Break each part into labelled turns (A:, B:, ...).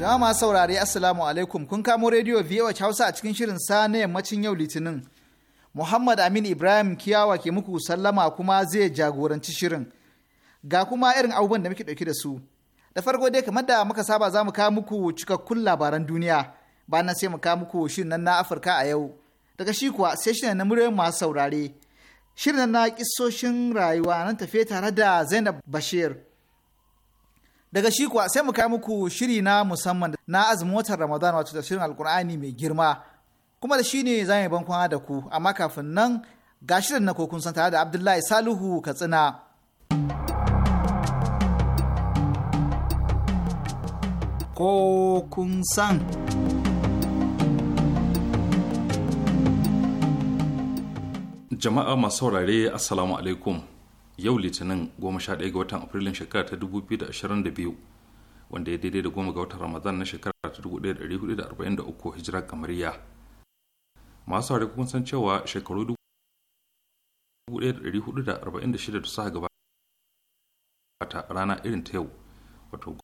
A: Jama'a masu saurare Assalamu alaikum kun kamo rediyo VOH Hausa a cikin shirin sa na yammacin yau Litinin. Muhammad Amin Ibrahim Kiyawa ke muku sallama kuma zai jagoranci shirin. Ga kuma irin abubuwan da muke ɗauke da su. Da farko dai kamar da muka saba za mu kawo muku cikakkun labaran duniya. Bayan sai mu kawo muku shirin nan na Afirka a yau. Daga shi kuwa sai shirin na muryoyin masu saurare. Shirin na kisoshin rayuwa nan tafe tare da Zainab Bashir. daga shi kuwa sai mu kai muku shiri na musamman na azumin watan ramadan wato da shirin alkur'ani mai girma kuma da shi ne za mu ban kwana da ku amma kafin nan ga shirin na kokun san tare da abdullahi salihu katsina kokun san
B: jama'a masu saurare assalamu alaikum yau litinin 11 ga watan afrilun shekara ta 2022 wanda ya daidai da goma ga watan ramadan na shekara ta 1443 hijirar kamariya masu haɗe kun san cewa shekaru 1446 da suka gabata rana irin ta yau wato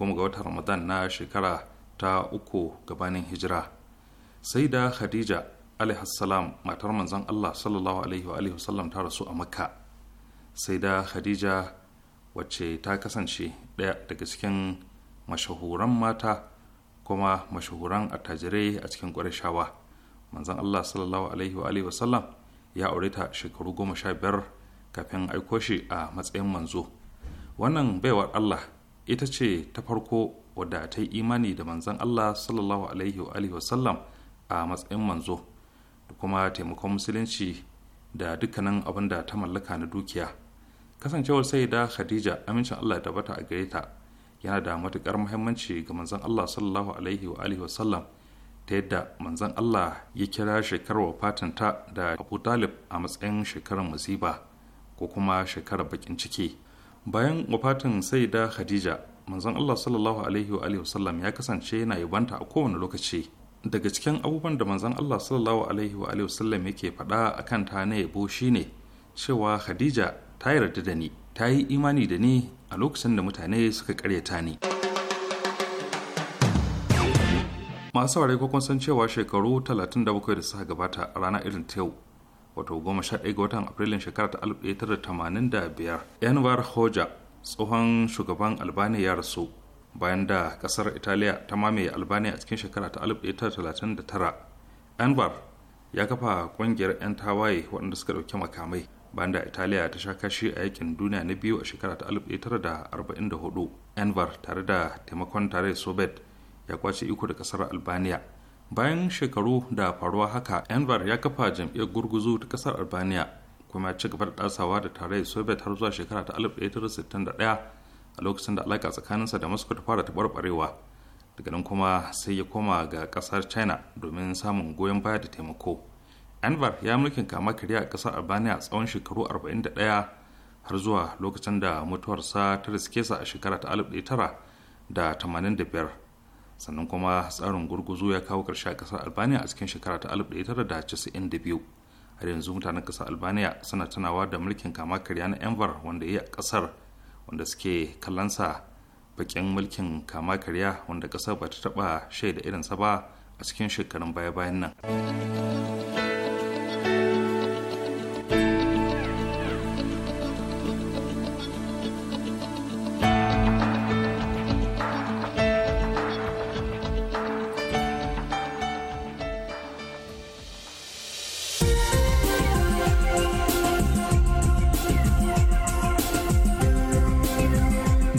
B: goma ga watan ramadan na shekara ta uku gabanin hijira sai da khadija alaihassalam matar manzon allah sallallahu alaihi wa sallam ta rasu a makka sai da khadija wacce ta kasance ɗaya daga cikin mashahuran mata kuma mashahuran attajirai a cikin ƙwarishawa manzan allah sallallahu alaihi wa wasallam ya aure ta shekaru goma sha biyar kafin aiko shi a matsayin manzo wannan baiwar allah ita ce ta farko wadda ta yi imani da manzan allah sallallahu alaihi wa wasallam a matsayin manzo da kuma taimakon musulunci da dukkanin abin da ta mallaka na dukiya kasancewar sai da khadija amincin allah da bata a gare ta yana da matukar muhimmanci ga manzon allah sallallahu alaihi wa alihi wasallam ta yadda manzon allah ya kira shekarar ta da abu talib a matsayin shekarar musiba ko kuma shekarar bakin ciki bayan wafatin sai da khadija manzon allah sallallahu alaihi wa alihi wasallam ya kasance yana yabanta a kowane lokaci daga cikin abubuwan da manzon allah sallallahu alaihi wa alihi wasallam yake faɗa akan ta na yabo shine cewa khadija ta yarda da ni ta yi imani da ni a lokacin da mutane suka karyata ni masu ware kun san cewa shekaru 37 da suka gabata a ranar irin ta yau wato 11 ga watan afrilun shekarar ta 1985 yanwar hoja tsohon shugaban albania ya rasu bayan da kasar italiya ta mamaye albania a cikin shekara ta 1939 anwar ya kafa kungiyar 'yan tawaye waɗanda suka ɗauki makamai bayan da italiya ta sha kashi a yakin duniya na biyu a shekara ta 1944 enver tare da taimakon tare soviet ya kwace iko da kasar albania bayan shekaru da faruwa haka enver ya kafa jam'iyyar gurguzu ta kasar albania kuma ci gaba da dasawa da tare soviet har zuwa shekara ta 1961 a lokacin da alaka tsakaninsa da moscow ta fara taɓarɓarewa daga nan kuma sai ya koma ga kasar china domin samun goyon baya da taimako anwar ya mulkin kama karya a ƙasar albania tsawon shekaru 41 har zuwa lokacin da mutuwarsa ta riske sa a shekara ta 1985 sannan kuma tsarin gurguzu ya kawo ƙarshe a ƙasar albania a cikin shekara ta 1992 har yanzu mutanen ƙasar albania suna tunawa da mulkin kama karya na anwar wanda ya yi a ƙasar wanda suke kallonsa bakin mulkin kama karya wanda ƙasar ba ta taɓa shaida irinsa ba a cikin shekarun baya-bayan nan.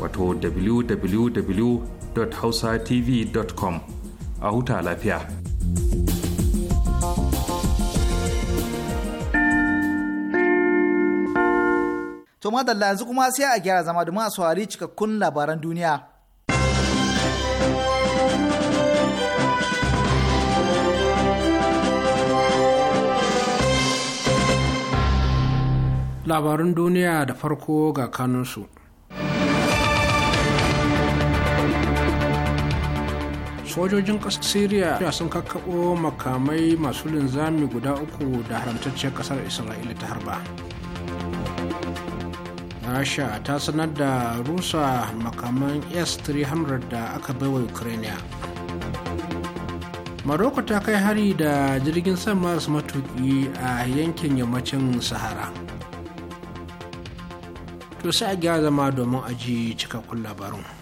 B: wato www.hausatv.com a huta lafiya.
A: To madalla yanzu kuma sai a gyara zama domin a saurari cikakkun labaran duniya.
C: Labarun duniya da farko ga kanunsu. sojojin ƙasar syria sun kakkaɓo makamai masu linzami guda uku da haramtacciyar ƙasar isra'ila ta harba rasha ta sanar da rusa makaman s-300 da aka baiwa Ukraina. maroko ta kai hari da jirgin sama masu matuƙi a yankin yammacin sahara to sai a gyara zama domin aji cikakkun labarun.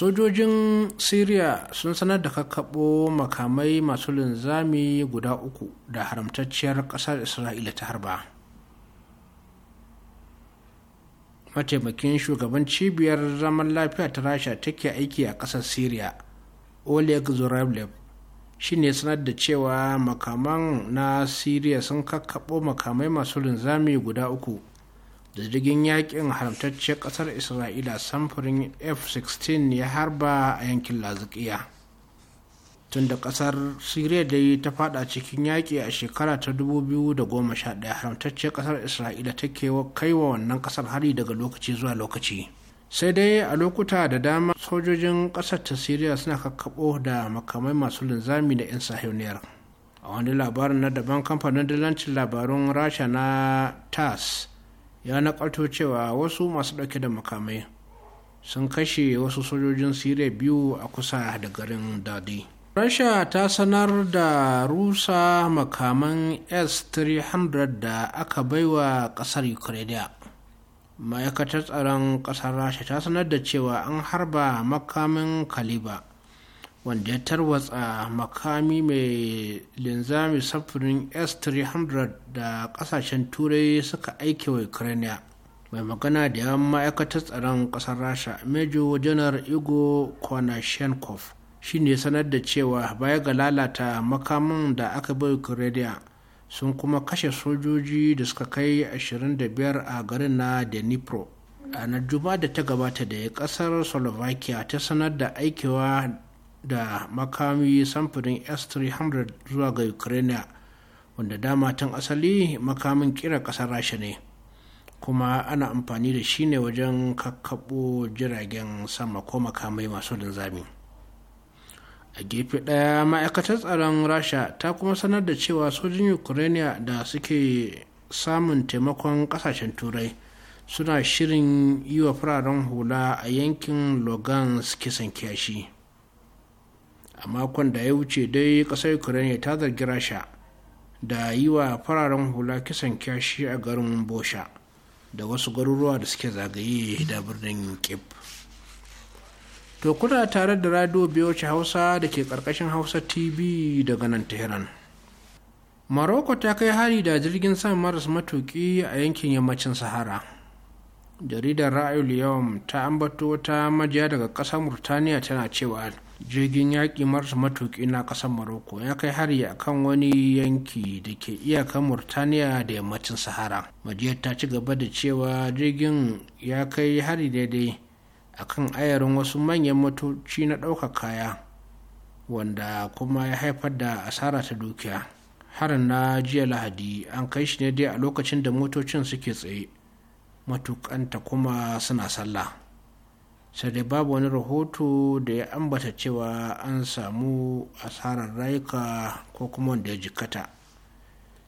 C: sojojin syria sun sanar da kakkaɓo makamai masu linzami guda uku da haramtacciyar ƙasar isra'ila ta harba mataimakin shugaban cibiyar zaman lafiya ta rasha take aiki a ƙasar syria oleg zorablev shi ne sanar da cewa makaman na syria sun kakkaɓo makamai masu linzami guda uku jirgin yakin haramtacciyar kasar isra'ila samfurin f-16 ya harba a yankin lazikiya tun da kasar siriya dai ta fada cikin yaƙi a shekara ta 2011 Haramtacce kasar isra'ila ta kaiwa wannan kasar hari daga lokaci zuwa lokaci sai dai a lokuta da dama sojojin kasar ta siriya suna kakkaɓo da makamai masu linzami da 'yan sahiyoniyar a wani labarin na daban kamfanin dalancin labarun rasha na tas ya nakalto cewa wasu masu ɗauke da makamai sun kashe wasu sojojin siriya biyu a kusa da garin dadi rasha ta sanar da rusa makaman s-300 da aka baiwa ƙasar ukraine ma'aikatar tsaron ƙasar rasha ta sanar da cewa an harba makamin kaliba wanda ya tarwatsa makami mai linzami safirin s-300 da kasashen turai suka aike wa ukraine mai magana da yawan ma'aikatar tsaron kasar rasha major janar igor konashenkov shi ne sanar da cewa baya ga lalata makamin da aka bai ukraine sun kuma kashe sojoji da suka kai 25 a garin na dnipro ranar juma'a da ta gabata da kasar slovakia ta sanar da aikewa da makami samfurin s-300 zuwa ga ukraine wanda dama tun asali makamin kira kasar rasha ne kuma ana amfani da shi ne wajen kakkaɓo jiragen sama ko makamai masu linzami a gefe ɗaya ma'aikatar tsaron rasha ta kuma sanar da cewa sojin ukraine da suke samun taimakon ƙasashen turai suna shirin yi wa fararen hula a yankin logan kisan kiyashi. a makon da ya wuce dai kasar ukraine ta zargi rasha da yi wa fararen hula kisan kyashi a garin bosha da wasu garuruwa da suke zagaye da birnin kip to kuna tare da radio biyoci hausa da ke karkashin hausa tv daga nan tehran Maroko ta kai hari da jirgin sama maras matuki a yankin yammacin sahara jaridar ra'ayul yawon ta ambato wata majiya daga ƙasar murtaniya tana cewa jirgin yaƙi marasa matuƙi na ƙasar morocco ya kai hari a kan wani yanki da ke iyaka murtaniya da yammacin sahara majiyar ta ci gaba da cewa jirgin ya kai hari daidai a kan ayarin wasu manyan motoci na ɗaukar kaya wanda kuma ya haifar da asara ta dukiya harin na jiya lahadi an kai shi ne dai a lokacin da motocin suke tsaye matukanta kuma suna sallah sai dai babu wani rahoto da ya ambata cewa an samu asarar rayuka ko kuma wanda ya jikkata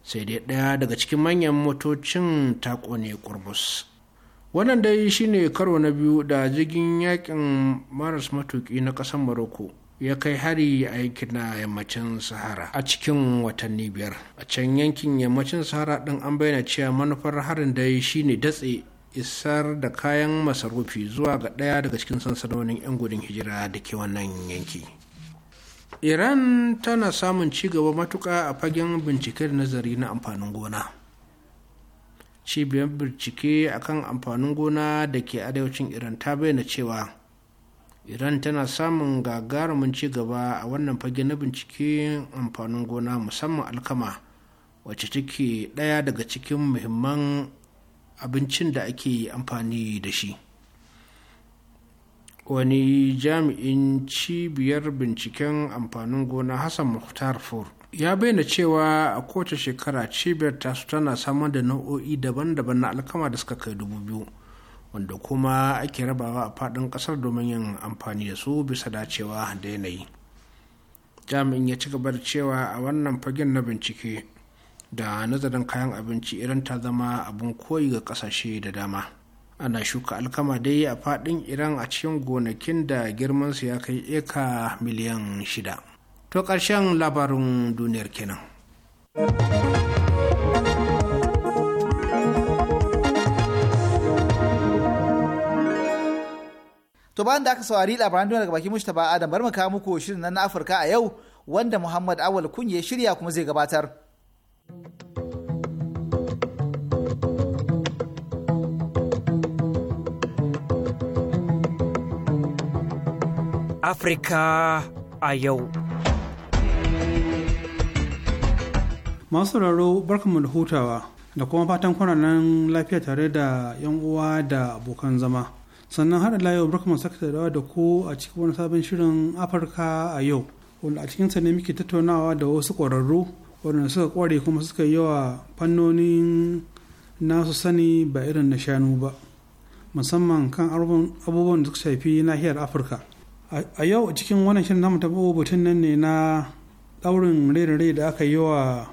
C: sai dai ɗaya daga cikin manyan motocin ta ƙone ƙurbus wannan dai shine karo na biyu da jirgin yakin maras matuki na ƙasar maroko ya kai hari a yankin na yammacin sahara a cikin watanni biyar a can yankin yammacin sahara ɗin an bayyana cewa manufar harin dai shine datse isar da kayan masarufi zuwa ga ɗaya daga cikin sansanonin 'yan gudun hijira da ke wannan yanki iran tana samun ci gaba matuƙa a fagen bincike da nazari na amfanin gona cibiyar bincike akan amfanin gona da ke arewacin iran ta bayyana cewa iran tana samun gagarumin ci gaba a wannan fage na bincike amfanin gona musamman alkama wacce take ɗaya daga cikin muhimman abincin da ake amfani da shi wani jami'in cibiyar binciken amfanin gona hassan muhtar fur ya bayyana cewa a kowace shekara cibiyar tasu tana samar da nau'o'i daban-daban na alkama da suka kai dubu biyu wanda kuma ake rabawa a faɗin ƙasar domin yin amfani da su bisa dacewa da yanayi jami'in ya ci gaba da cewa a wannan fagen na bincike da nazarin kayan abinci irin ta zama abin koyi ga kasashe da dama ana shuka alkama dai a fadin iran a cikin gonakin da girman su ya kai eka miliyan shida to karshen labarin duniyar kenan.
A: To bayan da aka saurari labaran duniya daga baki Mustapha Adam bar mu kawo muku shirin na Afirka a yau wanda Muhammad Awal Kunye shirya kuma zai gabatar.
D: Afirka a yau.
E: Masu sauraro barkanmu da hutawa da kuma fatan kwananan lafiya tare da 'yan uwa da abokan zama. Sannan haɗa layo barkanmu saka da da ku a cikin wani sabon shirin Afirka a yau. Wanda a cikinsa ne muke tattaunawa da wasu ƙwararru waɗanda suka kware kuma suka yi yawa fannonin nasu sani ba irin na shanu ba musamman kan abubuwan da suka shafi nahiyar afirka a yau cikin wannan shirin namu taɓa batun nan ne na ɗaurin rai da aka yi wa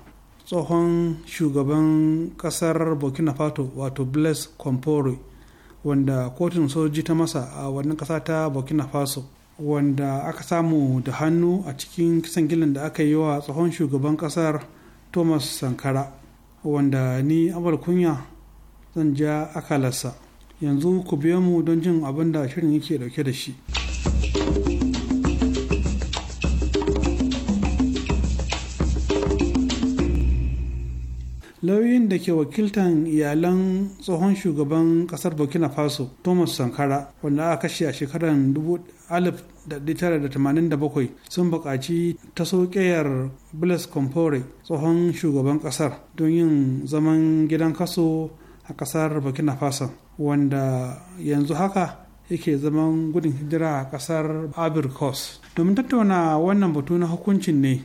E: tsohon shugaban ƙasar burkina faso wato blaise compaore wanda kotun soji ta masa a wannan ƙasa ta burkina faso wanda aka samu da hannu a cikin kisan gilin da aka yi wa tsohon shugaban kasar thomas sankara wanda ni abar kunya zan ja akalarsa yanzu ku biya mu don jin abin da shirin yake dauke da shi lauyin da ke wakiltan iyalan tsohon shugaban kasar burkina faso thomas sankara wanda aka kashe a shekarar 1987 sun buƙaci ta sokeyar blaise compaore tsohon shugaban kasar don yin zaman gidan kaso a kasar burkina faso wanda yanzu haka yake zaman gudun hijira a kasar abir domin tattauna wannan batu na hukuncin ne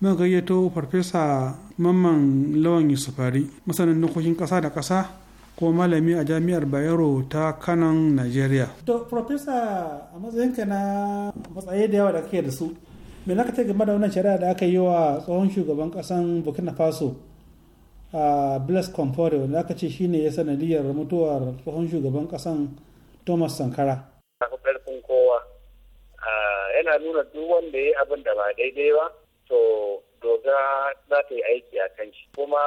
E: muka gayyato farfesa mamman lawan yusufari masanin dokokin ƙasa da kasa ko malami a jami'ar bayero ta kanan nigeria to farfesa a matsayinka na matsayi da yawa da kake da su me na ta game da wannan shari'a da aka yi wa tsohon shugaban ƙasan burkina faso a blaise compaore wanda aka ce shine ya sanadiyar mutuwar tsohon shugaban kasan thomas sankara
F: kowa yana nuna duk wanda ya abin da ba daidai ba to doga za ta yi aiki a kan shi kuma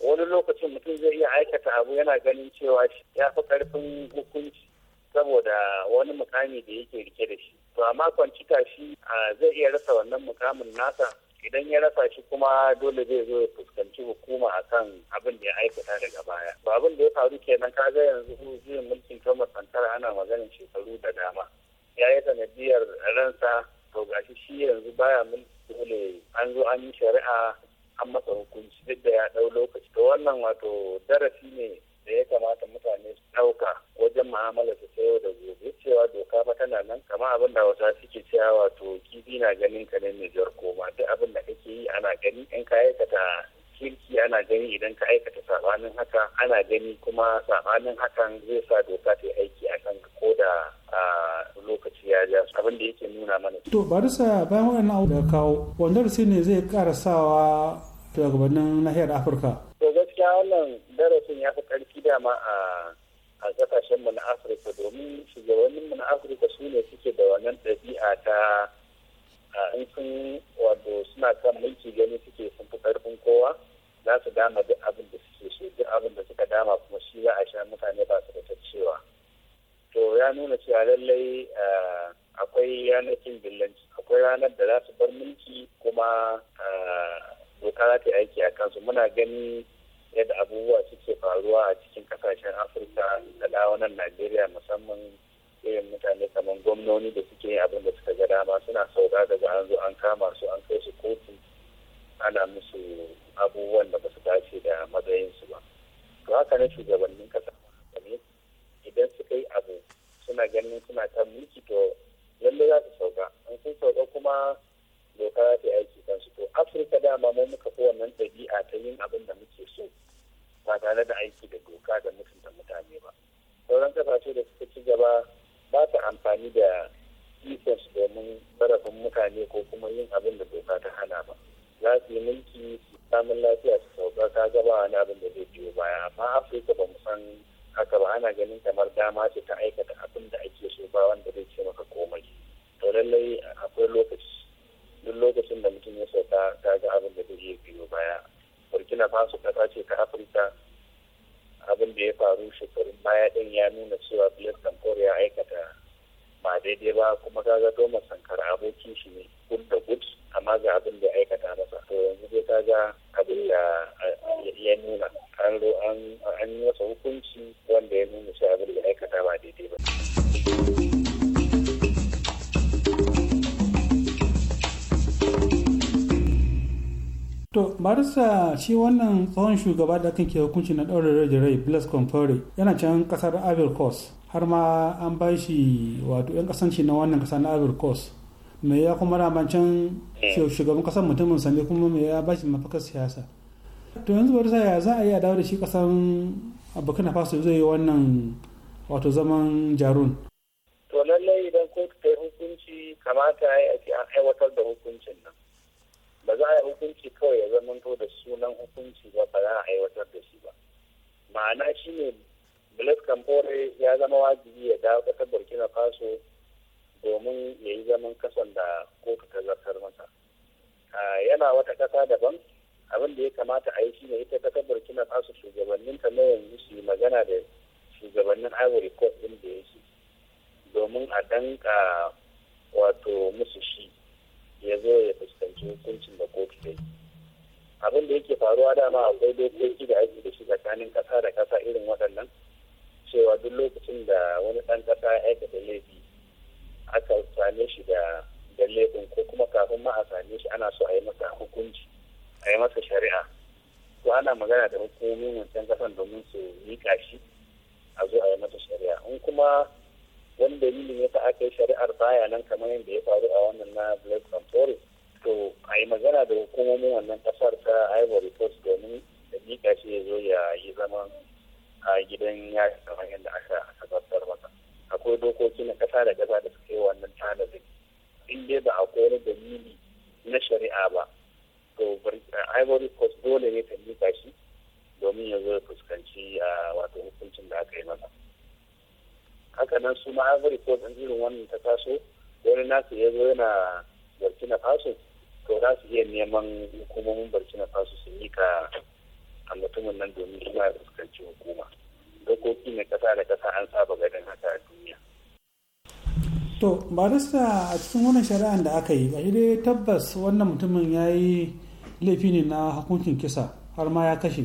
F: wani lokacin mutum zai iya aikata abu yana ganin cewa ya fi karfin hukunci saboda wani mukami da yake rike da shi to amma kwancika shi zai iya rasa wannan mukamin nasa idan ya rasa shi kuma dole zai zo ya fuskanci hukuma a kan abin da ya aikata daga baya ba abin da ya faru kenan kaga yanzu juyin mulkin kamar Sankara ana maganin shekaru da dama ya yi sanadiyar ransa to gashi shi yanzu baya mulki dole an zo an yi shari'a an masa hukunci duk da ya ɗau lokaci to wannan wato darasi ne da ya kamata mutane su ɗauka wajen mu'amala su ta yau da gobe cewa doka ba tana nan kama abin da wasa suke cewa wato kifi na ganin ka ne mai jar koma duk abin da kake yi ana gani in ka aikata kirki ana gani idan ka aikata sabanin haka ana gani kuma sabanin hakan zai sa doka ta aiki a kan ko da lokaci ya ja abin da yake nuna mana. To
E: barisa bayan wannan abu da kawo wanda ne zai karasawa gabanin nahiyar Afirka.
F: To gaskiya wannan darasin ya fi karfi dama a a kasashen mu na Afirka domin shugabannin mu na Afirka su ne suke da wannan ɗabi'a ta in sun wato suna kan mulki gani suke sun fi karfin kowa za su dama duk abin da suke so duk abin da suka dama kuma shi za a sha mutane ba su da cewa to ya nuna cewa lallai eh, akwai ranar cin billanci akwai ranar da za su bar mulki kuma eh, doka za ta yi aiki a kansu muna gani yadda abubuwa suke faruwa a cikin kasashen afirka da lawanan najeriya musamman irin mutane kamar gwamnoni da suke yin abin da suka ga dama suna sauka daga an zo an kama su an kai su kotu ana musu abubuwan da ba su dace da matsayinsu ba to haka na shugabannin kasa ne idan suka yi abu suna ganin suna ta mulki to lalle za su sauka an sun sauka kuma doka za ta yi aiki kan su to afirka dama mu muka fi wannan ɗabi'a ta yin abin da muke so ba tare da aiki da doka da mutunta mutane ba sauran kasashe da suka ci gaba ba ta amfani da ikonsu domin sarrafin mutane ko kuma yin abin da doka ta hana ba za su yi mulki su samun lafiya su sauka ka gaba wani abin da zai biyo baya amma afirka ba mu san haka ba ana ganin kamar dama ce ta aikata abin da ake so ba wanda zai ce maka komai to lallai akwai lokaci duk lokacin da mutum ya sauka ka ga abin da zai biyo baya burkina faso kasa ce ta afirka abin da ya faru shekarun baya din ya nuna cewa Blaise Sankore ya aikata ba daidai ba kuma kaga doma Sankara abokin shi ne gud da gud amma ga abin da ya aikata masa to yanzu dai kaga abin da ya nuna an an yi masa hukunci wanda ya nuna cewa abin da ya aikata ba daidai ba.
E: To, Barisa shi wannan tsohon shugaba da kan ke hukunci na ɗaurin rai da rai Blaise Compaore yana can ƙasar Ivory Coast har ma an ba shi wato 'yan kasance na wannan ƙasa na Ivory Coast. Me ya kuma rama can eh. shugaban ƙasar mutumin sane kuma me ya ba shi mafakar siyasa. To yanzu Barisa ya za a yi a dawo da shi ƙasar Burkina Faso zai yi wannan wato zaman jarun.
F: To lallai idan kotu ta yi hukunci kamata ya yi a aiwatar da hukuncin nan. ba za a yi hukunci kawai ya zamanto da sunan hukunci ba ba za a aiwatar da shi ba ma'ana shi ne blaise campore ya zama wajibi ya dawo kasar burkina faso domin ya yi zaman kasan da kotu ta zartar masa yana wata kasa daban abin da ya kamata a yi shi ne ita kasar burkina faso shugabanninta na yanzu su yi magana da shugabannin ivory coast din da ya shi domin a danka wato musu shi ya zo ya fuskanci hukuncin da kotu ta yi abin da yake faruwa dama akwai dokoki da ake da shi tsakanin ƙasa da kasa irin waɗannan cewa duk lokacin da wani ɗan ƙasa ya aikata laifi aka same shi da da laifin ko kuma kafin ma a same shi ana so a yi masa hukunci a yi masa shari'a ko ana magana da hukumomin wancan ƙasan domin su miƙa shi a zo a yi masa shari'a in kuma wani dalilin ya sa aka yi shari'ar baya nan kamar yadda ya faru a wannan na Black Compaore to a yi magana da hukumomin wannan kasar ta Ivory Coast domin da mika shi ya zo ya yi zaman a gidan ya kamar yadda aka tabbatar masa akwai dokoki na kasa da kasa da suke wannan tanadin in dai ba akwai wani dalili na shari'a ba to Ivory Coast dole ne ta mika shi domin ya zo ya fuskanci ah, wato hukuncin da aka yi masa haka nan su ma ivory coast in irin wannan ta taso wani nasu ya zo yana burkina faso to za su iya neman hukumomin burkina faso su yi ka a mutumin nan domin suna ya fuskanci hukuma dokoki na kasa da kasa an saba ganin haka a duniya
G: to
E: barista a cikin wannan shari'an da aka yi ba shi dai tabbas wannan mutumin ya yi laifi ne na hukuncin kisa har ma ya kashe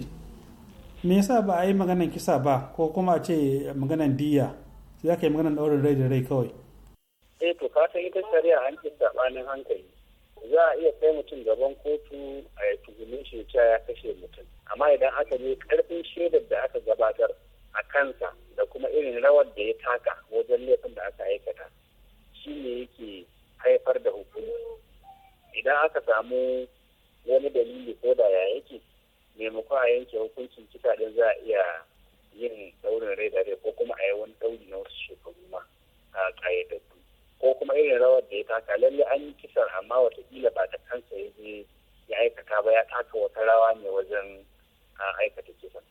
E: me yasa ba a yi maganan kisa ba ko kuma a ce maganan diya ya kai maganar daurin rai da rai kawai.
F: eh to ka ita shari'a an saɓanin hankali za a iya kai mutum gaban kotu a yi tuhumin shi ya ya kashe mutum amma idan aka ne karfin shaidar da aka gabatar a kansa da kuma irin rawar da ya taka wajen laifin da aka aikata shi ne yake haifar da hukumi idan aka samu wani dalili ko da ya yake maimakon a yanke hukuncin ɗin za a iya yin daurin rai da rai ko kuma a yi wani dauri na wasu shekaru ma a ƙayyadaddu ko kuma irin rawar da ya taka lalle an yi kisar amma watakila ba da kansa ya je ya aikata ba ya taka wata rawa ne wajen aikata kisan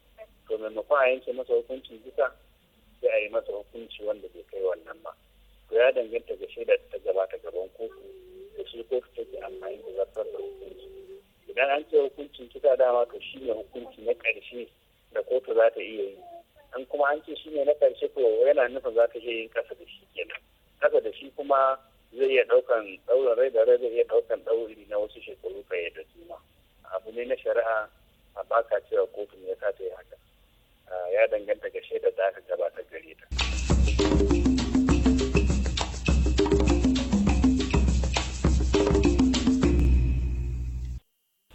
F: to maimakon a yanke masa hukuncin kisa sai a yi masa hukunci wanda bai kai wannan ba to ya danganta ga shaidar ta gabata gaban kofi. da shi kotu take amfani da zartar da hukunci idan an ce hukuncin kisa dama to shi ne hukunci na ƙarshe da kotu za ta iya yi in kuma an ce shi ne na karshe ko yana nufin za ta iya yin ƙasa da shi kenan kasa da shi kuma
G: zai iya ɗaukan
F: ɗaurin rai da rai zai iya ɗaukan ɗauri na wasu shekaru ka yadda su ma abu ne na shari'a a baka cewa kotu ne ya sa ta yi haka ya danganta ga shaidar da aka gabatar gare ta.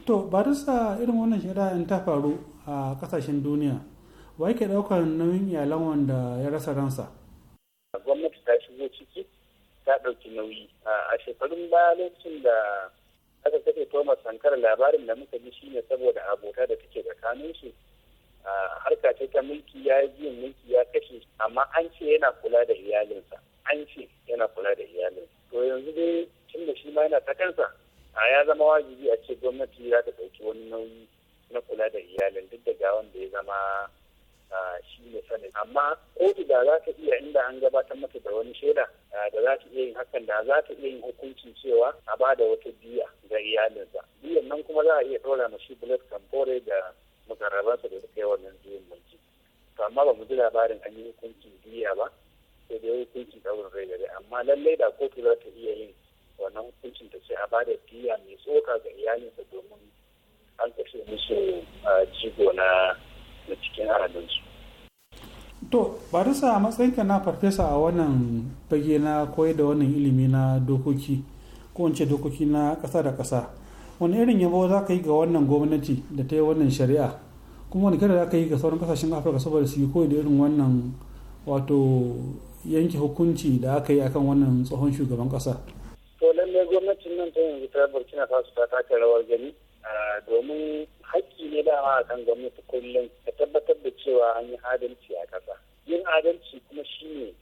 E: to barista irin wannan shari'a in ta faru a kasashen duniya wai ke ɗaukar nauyin iyalan wanda ya rasa ransa
F: gwamnati ta shigo ciki ta ɗauki nauyi a shekarun baya lokacin da aka kafe thomas sankara labarin da muka ji shine saboda abota da take tsakanin shi harka ce ta mulki ya yi mulki ya kashe amma an ce yana kula da iyalinsa an ce yana kula da iyalinsa to yanzu dai tun da shi ma yana ta kansa a ya zama wajibi a ce gwamnati za ta ɗauki wani nauyi na kula da iyalin duk da gawan da ya zama shi ne sani. amma kotu da za ta iya inda an gabatar mata da wani shaida da za ta iya yin hakan da za ta iya yin hukuncin cewa a ba da wata biya ga iyalinsa biyan nan kuma za a iya ɗora ma shi bullet kamfore da mukarrabansa da suka yi wannan juyin mulki to amma ba mu ji labarin an yi hukuncin biya ba sai dai hukuncin ɗaurin rai da rai amma lallai da kotu za ta iya yin wannan hukuncin ta ce a ba da biya mai tsoka ga iyalinsa domin an kashe musu a jigo na cikin haraminsu.
E: To, barisa a matsayinka na farfesa a wannan fage na koyar da wannan ilimi na dokoki, ko in dokoki na ƙasa da kasa Wani irin yabo za ka yi ga wannan gwamnati da ta yi wannan shari'a? Kuma wani kira za ka yi ga sauran ƙasashen Afirka saboda su yi koyi da irin wannan wato yanke hukunci da aka yi akan wannan tsohon shugaban ƙasa?
F: To, lallai gwamnatin nan ta yanzu ta Burkina Faso ta taka rawar gani. domin haƙƙi ne da a kan gwamnati kullum ta tabbatar da cewa an yi adalci a ƙasa yin adalci kuma shine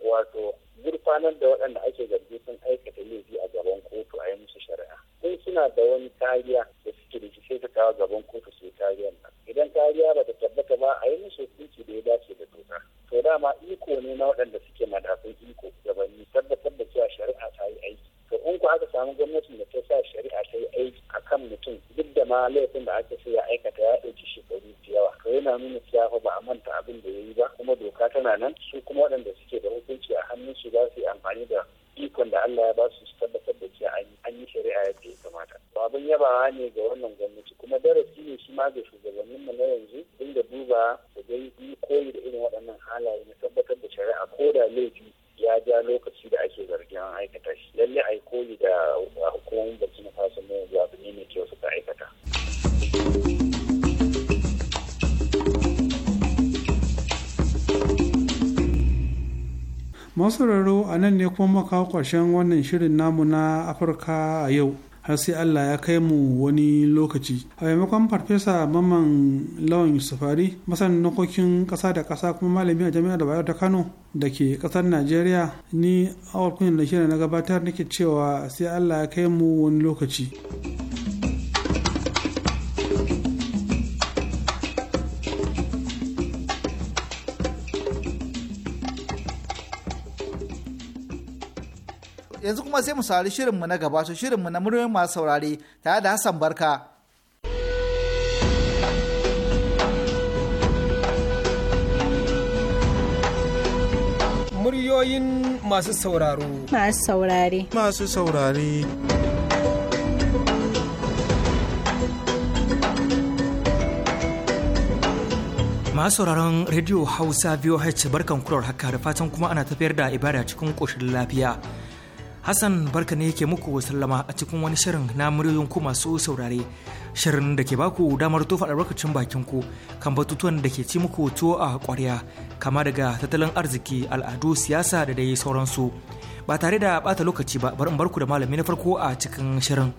F: wato gurfanar da waɗanda ake zargi sun aikata laifi a gaban kotu a yi musu shari'a kun suna da wani kariya da suke da sai ta kawo gaban kotu sai kariyar nan idan kariya ba ta tabbata ba a yi musu hukunci da ya dace da doka to dama iko ne na waɗanda suke madafin iko gabanni tabbatar da cewa shari'a ta yi aiki to in ku aka samu gwamnatin da ta sa shari'a ta yi aiki a kan mutum duk da ma laifin da aka so ya aikata ya ɗauki shekaru da yawa to yana nuna cewa fa ba a manta abin da ya yi ba kuma doka tana nan su kuma waɗanda suke da hukunci a hannun su za su yi amfani da ikon da Allah ya ba su su tabbatar da cewa an yi shari'a yadda ya kamata. To abin yabawa ne ga wannan gwamnati kuma darasi ne shi ma ga shugabannin mu na yanzu inda duba da dai koyi da irin waɗannan halaye na tabbatar da shari'a ko da laifi ya ja lokaci da ake zargin aikata shi lalle a koyi da hukumomin burkina faso mai yanzu abu ne mai kyau suka
G: aikata
E: masu raro a nan ne kuma makawa ƙarshen wannan shirin namu na afirka a yau har sai allah ya kai mu wani lokaci a maimakon farfesa mamman lawan Safari, masanin dokokin ƙasa da ƙasa kuma malami a jami'ar da bayar ta kano da ke ƙasar najeriya ni awar kunyar da na gabatar nake cewa sai allah ya kai mu wani lokaci.
A: yanzu kuma sai mu saurari shirinmu na gaba to shirinmu na muryoyin masu saurare tare da Hassan Barka.
H: Muryoyin masu sauraro.
I: Masu saurare. Masu saurare.
D: masu sauraron rediyo hausa voh barkan kurar haka da fatan kuma ana tafiyar da ibada cikin ƙoshin lafiya Hassan barka ne yake muku sallama a cikin wani shirin na muryoyin ku masu saurare. Shirin da ke baku damar tofa albarkacin bakin ku kan batutuwan da ke ci muku tuwo a kwarya kama daga tattalin arziki, al'adu, siyasa da dai sauransu. Ba tare da bata lokaci ba bar in barku da malami na farko a cikin shirin.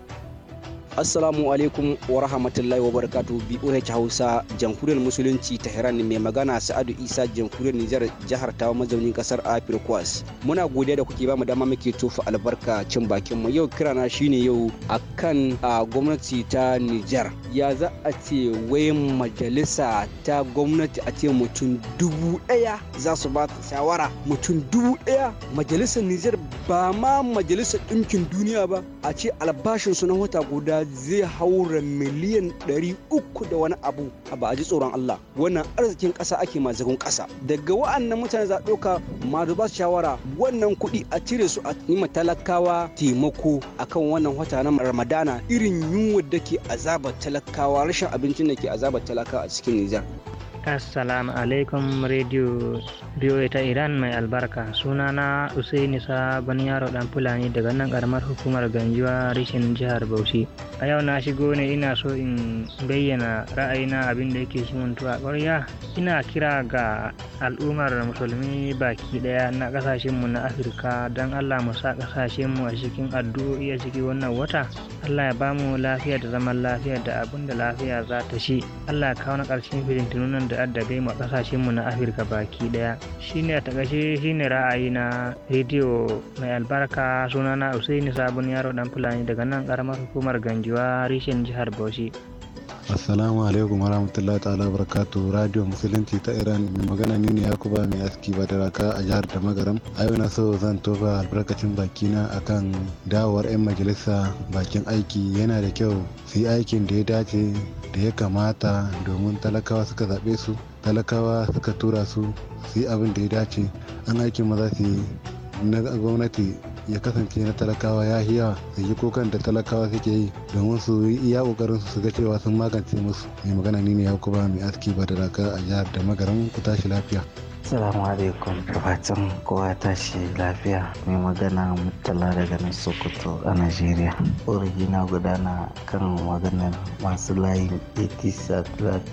J: Assalamu alaikum wa rahmatullahi wa barakatu BOH Hausa Jamhuriyar Musulunci Tehran mai magana Sa'adu Isa Jamhuriyar Nijar jihar ta mazaunin kasar Afirkwas. Muna godiya da kuke bamu dama muke tofa albarka cin bakin mu yau kirana shine yau akan a gwamnati ta Nijar. Ya za a ce wai majalisa ta gwamnati a ce mutum dubu ɗaya za su ba shawara mutum dubu ɗaya majalisar Nijar ba ma majalisar ɗinkin duniya ba a ce albashinsu na wata guda zai haura miliyan ɗari uku da wani abu ba a ji tsoron Allah wannan arzikin ƙasa ake mazagun ƙasa daga wa'annan mutane za ɗauka masu ba shawara wannan kuɗi a cire su a nima talakawa taimako akan wannan wata na ramadana irin yunwa da ke azabar talakawa rashin abincin da ke azabar talakawa a cikin Nijar.
D: assalamu alaikum radio biyo ta iran mai albarka sunana usaini sabon yaro dan fulani daga nan karamar hukumar ganjuwa rishin jihar bauchi a yau na shigo ne ina so in bayyana ra'ayina abin da yake shimuntu a ƙwarya ina kira ga al'ummar musulmi baki daya na kasashenmu na afirka don allah mu sa kasashenmu a cikin addu'o'i a cikin wannan wata allah ya bamu lafiya da zaman lafiya da abin da lafiya za ta shi allah ya kawo na ƙarshen filintunan da addabai ma kasashen mu na afirka baki daya shine a takashe shine ra'ayi na rediyo mai albarka sunana usaini sabon yaro dan fulani daga nan karamar hukumar ganjuwa rishin jihar bauchi
H: Assalamu alaikum warahmatullahi ta'ala barakatuh Radio Musulunci ta Iran mai magana ni ne Yakuba mai aski ba badaraka a jihar da magaram. A yau na so zan tofa albarkacin bakina akan dawowar 'yan majalisa bakin aiki yana da kyau su yi aikin da ya dace da ya kamata domin talakawa suka zaɓe su talakawa suka tura su su yi abin da ya dace an aikin maza su yi na gwamnati ya kasance na talakawa ya yi yawa da yi kokan da talakawa suke yi domin su yi iya kokarin su ga cewa sun magance musu mai magana ne ya kuma mai aski ba da raka a jihar da magaran ku tashi lafiya.
A: Assalamu alaikum fatan kowa tashi lafiya mai magana mutala daga nan Sokoto a Najeriya. Ƙorafi na gudana kan maganar masu layin ATSAT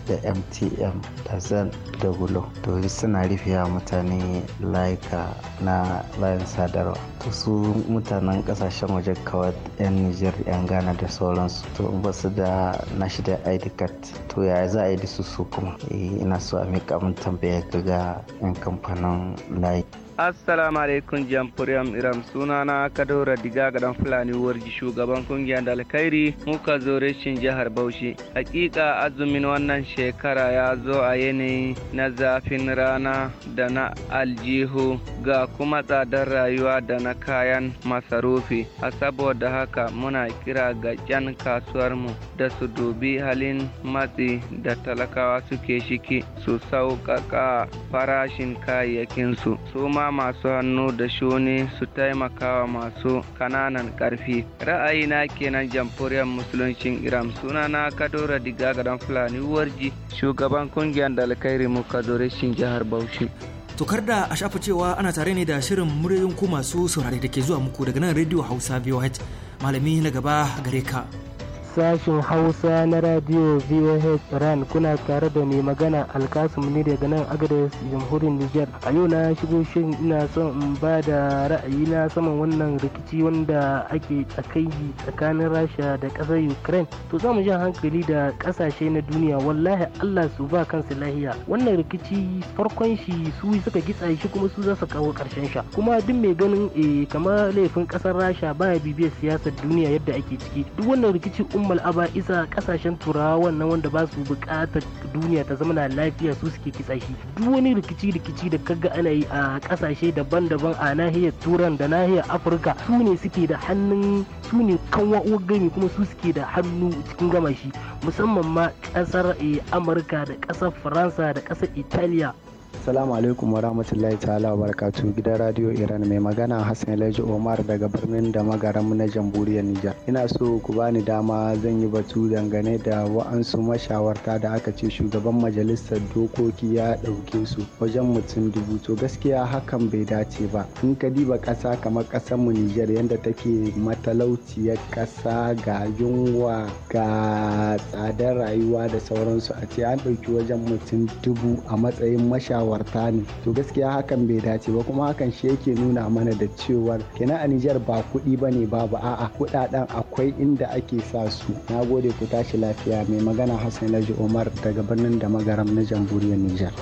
A: da MTM da Zan da Gulo.
J: Domin suna a mutane layuka na layin sadarwa. To su mutanen ƙasashen waje kawai 'yan Nijar 'yan Ghana da sauransu. To ba su da nashi da ID card to yaya za a yi da su su kuma. Eh, ina so a mika mun tambaya ga 'yan kamfanin Nike. assalamu alaikum jamhuriyar iram na kadora diga ga dan fulani warji shugaban kungiyar da alkhairi muka zo reshin jihar bauchi hakika azumin wannan shekara ya zo a yanayi na zafin rana da na aljihu ga kuma tsadar rayuwa da na kayan masarufi a saboda haka muna kira ga yan mu da su dubi halin matsi da talakawa suke shiki su sauƙaƙa farashin kayayyakinsu su ma masu hannu da shuni su taimaka wa masu kananan karfi na kenan jamhuriyar musuluncin iran Suna sunana kadora diga ga 'dan fulani warji shugaban kungiyar dalkairi shin jihar bauchi
D: tokar da a shafa cewa ana tare ne da shirin muryoyin ku masu saurare da ke zuwa muku daga nan radio hausa voh malami na gaba gare ka
C: sashen Hausa
D: na Radio VOH ran kuna tare da mai magana Alkasum ne daga nan Agadez
C: Jamhuriyar Nijar. A yau na shigo shirin ina son in ba da ra'ayi na saman wannan rikici wanda ake tsakai tsakanin Rasha da ƙasar Ukraine. To za mu ji hankali da ƙasashe na duniya wallahi Allah su ba kansu lahiya. Wannan rikici farkon shi su suka gitsa shi kuma su za su kawo ƙarshen sha. Kuma duk mai ganin e kamar laifin ƙasar Rasha baya bibiyar siyasar duniya yadda ake ciki. Duk wannan rikici kammala aba isa kasashen turawa wannan wanda ba su bukatar duniya ta zama na lafiya su suke kitsashi duk wani rikici rikici da kaga ana yi a kasashe daban-daban a nahiyar turan da nahiyar afirka su ne suke da hannun su ne kanwa uwar kuma su suke da hannu cikin gama musamman ma kasar eh, amurka da kasar faransa da kasar italiya
J: Assalamu alaikum wa rahmatullahi ta'ala wa barakatu gidan Radio Iran mai magana Hassan Elijah Omar daga birnin da magaram na jamhuriyar Nijar. Ina so ku bani dama zan yi batu dangane da wa'ansu mashawarta da aka ce shugaban majalisar dokoki ya ɗauke su wajen mutum dubu to gaskiya hakan bai dace ba. In ka diba ƙasa kamar ƙasar mu Nijar yadda take matalauciyar kasa ga yunwa ga tsadar rayuwa da sauransu a ce an ɗauki wajen mutum dubu a matsayin mashawarta mashawarta ne to gaskiya hakan bai dace ba kuma hakan shi yake nuna mana da cewar kenan a Nijar ba kuɗi ba ne babu a'a kuɗaɗen akwai inda ake sa su na gode ku tashi lafiya mai magana Hassan Laji umar daga birnin da magaram na jamhuriyar Nijar.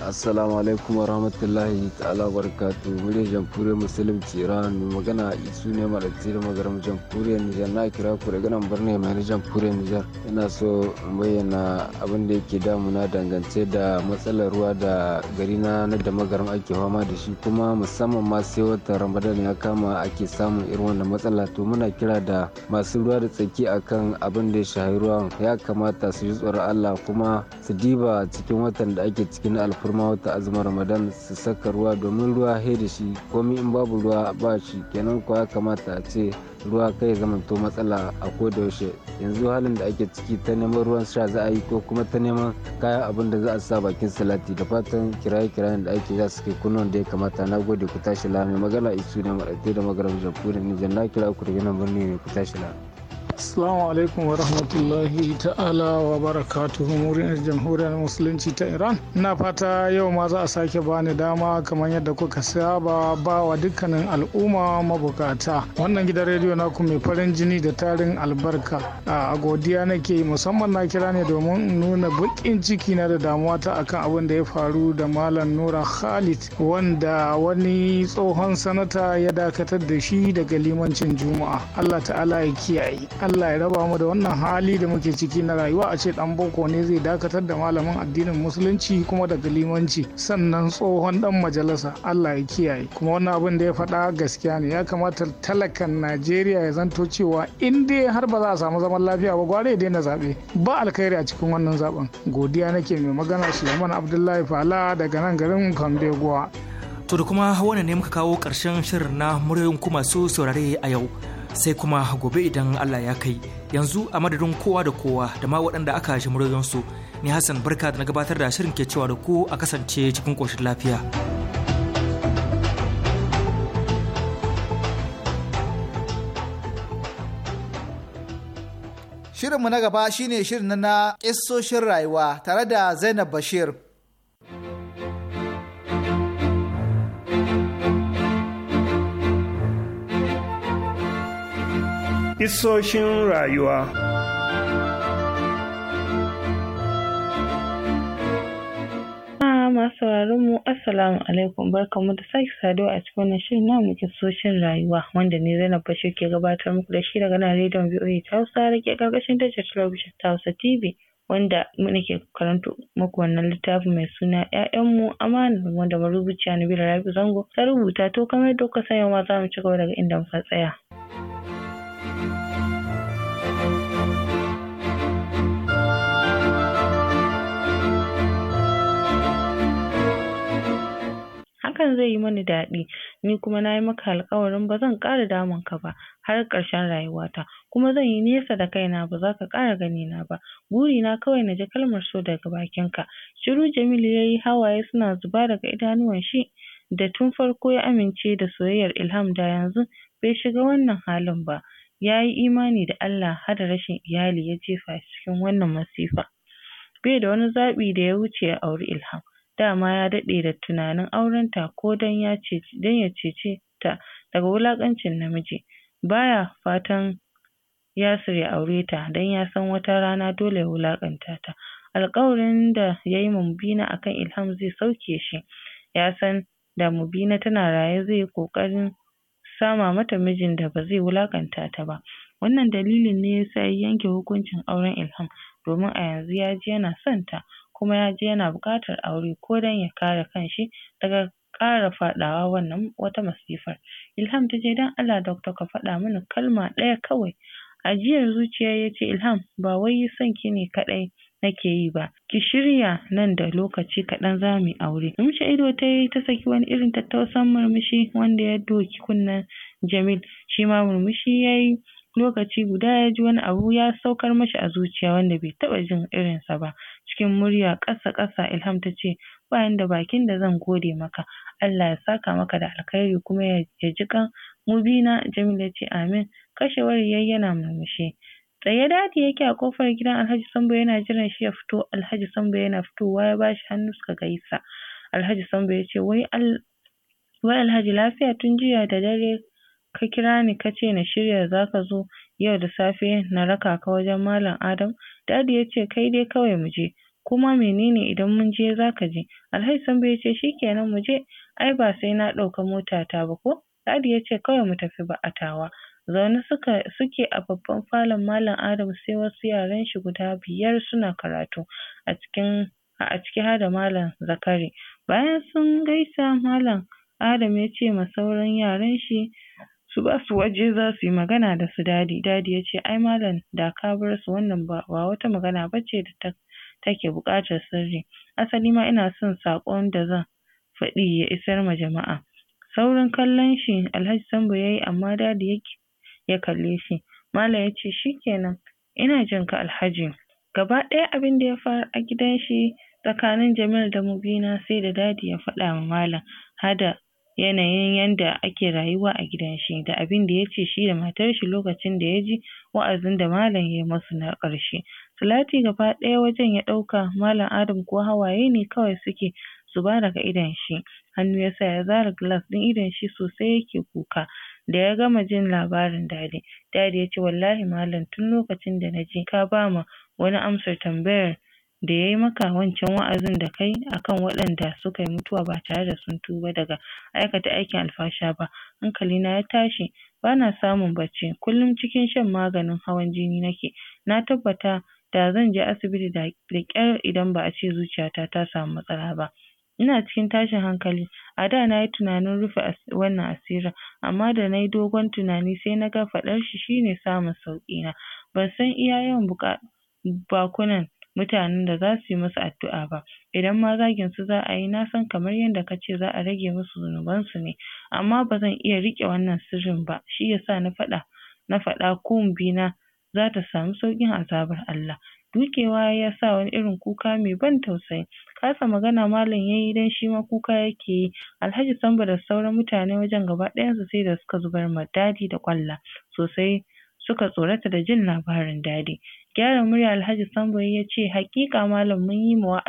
H: assalamu alaikum wa rahmatullahi ta'ala barakatu muryar jamhuriyar musulunci iran magana isu ne malatsi da magaram jamhuriyar nijar na kira ku daga nan mai na jamhuriyar nijar ina so in bayyana abin da yake damuna dangance da matsalar ruwa da gari na na da magaram ake fama da shi kuma musamman ma sai watan ramadan ya kama ake samun irin wannan matsala to muna kira da masu ruwa da tsaki akan abin da ya shahi ruwan ya kamata su ji tsoron allah kuma su diba cikin watan da ake cikin alfur kurma wata azumin ramadan su saka ruwa domin ruwa he da shi komi in babu ruwa ba shi kenan kuwa ya kamata a ce ruwa kai zamanto matsala a ko kodayaushe yanzu halin da ake ciki ta neman ruwan sha za a yi ko kuma ta neman kayan abin da za a sa bakin salati da fatan kiraye-kirayen da ake za su kai kunnon da ya kamata na gode ku tashi lami magana isu ne maɗaɗe da magaram jamhuriyar nijar na kira ku daga nan birni ne ku tashi lami.
E: Assalamu alaikum wa rahmatullahi ta'ala wa barakatuhu murin jamhuriyar musulunci ta Iran. Ina fata yau ma za a sake bani dama kamar yadda kuka saba ba wa dukkanin al'umma mabukata. Wannan gidan rediyo naku mai farin jini da tarin albarka. A godiya nake musamman na kira ne domin in nuna baƙin ciki na da damuwa ta akan abin da ya faru da Malam Nura Khalid wanda wani tsohon sanata ya dakatar da shi daga limancin Juma'a. Allah ta'ala ya kiyaye. Allah ya raba mu da wannan hali da muke ciki na rayuwa a ce dan boko ne zai dakatar da malamin addinin musulunci kuma da limanci sannan tsohon dan majalisa Allah ya kiyaye kuma wannan abin da ya faɗa gaskiya ne ya kamata talakan Najeriya ya zanto cewa in dai har ba za a samu zaman lafiya ba gware daina zaɓe ba alkhairi a cikin wannan zaben godiya nake mai magana Suleiman Abdullahi Fala daga nan garin Kambeguwa
D: to da kuma wannan ne muka kawo ƙarshen shirin na muryoyin kuma su saurare a yau sai kuma gobe idan Allah ya kai yanzu a madadin kowa da kowa da ma waɗanda aka shi su ni Hassan barka da na gabatar da shirin ke cewa da ku a kasance cikin ƙoshin lafiya.
A: Shirinmu na gaba shine shirin na ƙisoshin rayuwa tare da Zainab Bashir.
E: Isoshin rayuwa
K: masu sauraron mu assalamu alaikum barkamu da sake saduwa a cikin wannan shirin na namu kisoshin rayuwa wanda ne Zainab Bashir ke gabatar muku da shi daga nan rediyon VOA ta Hausa da ke karkashin tashar talabijin ta Hausa TV wanda nake karanto muku wannan littafi mai suna ‘ya'yanmu amana wanda marubuciya Nabila Rabi Zango ta rubuta to kamar yadda kuka sani ma za mu ci gaba daga inda muka tsaya. hakan zai yi mani daɗi ni kuma na yi maka alƙawarin ba zan ƙara damun ka ba har ƙarshen rayuwata kuma zan yi nesa da kaina ba za ka ƙara ganina ba burina kawai na ji kalmar so daga bakin ka shiru Jamilu ya yi hawaye suna zuba daga idanuwan shi da tun farko ya amince da soyayyar Ilham da yanzu bai shiga wannan halin ba ya yi imani da Allah da rashin iyali ya jefa shi cikin wannan masifa bai da wani zaɓi da ya wuce ya auri Ilham dama ya daɗe da tunanin auren ta ko don ya cece ta daga wulaƙancin namiji baya fatan Yasir ya aure ta don ya san wata rana dole ya wulaƙanta ta alƙawarin da yayi ma Mubina akan Ilham zai sauke shi ya san da Mubina tana raye zai yi ƙoƙarin sama mata mijin da ba zai wulaƙanta ta ba wannan dalilin ne yasa ya yanke hukuncin auren Ilham domin a yanzu ya ji yana son ta kuma ya ji yana buƙatar aure ko don ya kare kanshi daga ƙara faɗawa wannan wata masifar. Ilham ta ce don Allah doctor ka faɗa mana kalma ɗaya kawai. Ajiyar zuciya ya ce Ilham ba wai son ki ne kaɗai nake yi ba, ki shirya nan da lokaci kaɗan za mu yi aure. Lumshe ido ta yi ta saki wani irin tattausan murmushi wanda ya doki kunnen Jamil, shi ma murmushi ya yi lokaci guda ya ji wani abu ya saukar mashi a zuciya wanda bai taɓa jin irinsa ba cikin murya ƙasa ƙasa Ilham ta ce ba yanda da bakin da zan gode maka Allah ya saka maka da alkhairi kuma ya ji na, Jamilu ya ce amin kashewar yayi yana murmushi tsaye dadi yake a ƙofar gidan Alhaji Sambo yana jiran shi ya fito Alhaji Sambo yana fitowa ya bashi hannu suka gaisa Alhaji Sambo ya ce wai Alhaji lafiya tun jiya da dare ka kira ni ka ce na shirya za ka zo yau da safe na raka ka wajen Malam Adam? Dadi ya ce kai dai kawai mu je, kuma menene idan mun je za ka je? Alhaji Sambo ya ce shikenan mu je, ai ba sai na ɗauka motata ba ko? Dadi ya ce kawai mu tafi ba a tawa. Zaune suka suke a babban falon Malam Adam sai wasu yaran shi guda biyar suna karatu a cikin a ciki har da Malam Zakari. Bayan sun gaisa Malam Adam ya ce ma sauran yaran shi su basu waje za su yi magana da su dadi, dadi ya ce ai malam da ka bar su wannan ba wata magana ba ce da ta take buƙatar sirri, asali ma ina son saƙon da zan faɗi ya isar ma jama'a. Saurin kallon shi Alhaji Sambo ya yi amma dadi ya ya kalle shi, malam ya ce shi kenan ina jin ka Alhaji. Gaba ɗaya abin da ya faru a gidan shi tsakanin Jamil da Mubina sai da dadi ya faɗa ma malam, hada yanayin yanda ake rayuwa a gidan shi da abin abinda yace shi da matar shi lokacin da yaji wa'azin da malam yayi musu na ƙarshe Salati gaba ɗaya wajen ya ɗauka malam Adam kuwa hawaye ne kawai suke zuba daga idon shi hannu yasa ya zare glass ɗin idon shi sosai yake kuka da ya gama jin labarin Dadi Dadi yace wallahi malam tun lokacin da naje ka bama wani amsar tambayar da ya yi maka wancan wa'azin da a kan waɗanda suka yi mutuwa ba tare da sun tuba daga aikata aikin alfasha ba hankali na ya tashi bana samun bacci kullum cikin shan maganin hawan jini nake na tabbata da zan je asibiti da ƙyar idan ba a ce zuciyata ta samu matsala ba ina cikin tashin hankali a da nayi tunanin rufe wannan asirin amma da nayi dogon tunani sai na ga faɗar shi shine samun sauƙi ban san iya yawan buƙa bakunan mutanen da za su yi musu addu'a ba, idan ma zagin su za a yi na san kamar yadda ka ce za a rage musu zunubansu ne, amma ba zan iya riƙe wannan sirrin ba shi ya sa na faɗa na faɗa ko Mbina za ta samu sauƙin azabar Allah. Dukewa ya sa wani irin kuka mai ban tausayi, kasa magana malam ya yi don shi ma kuka yake yi, Alhaji Sambo da sauran mutane wajen gaba ɗayansu sai da suka zubar ma Dadi da ƙwalla sosai suka tsorata da jin labarin Dadi. gyara murya Alhaji Sambo ya ce haƙiƙa malam mun yi ma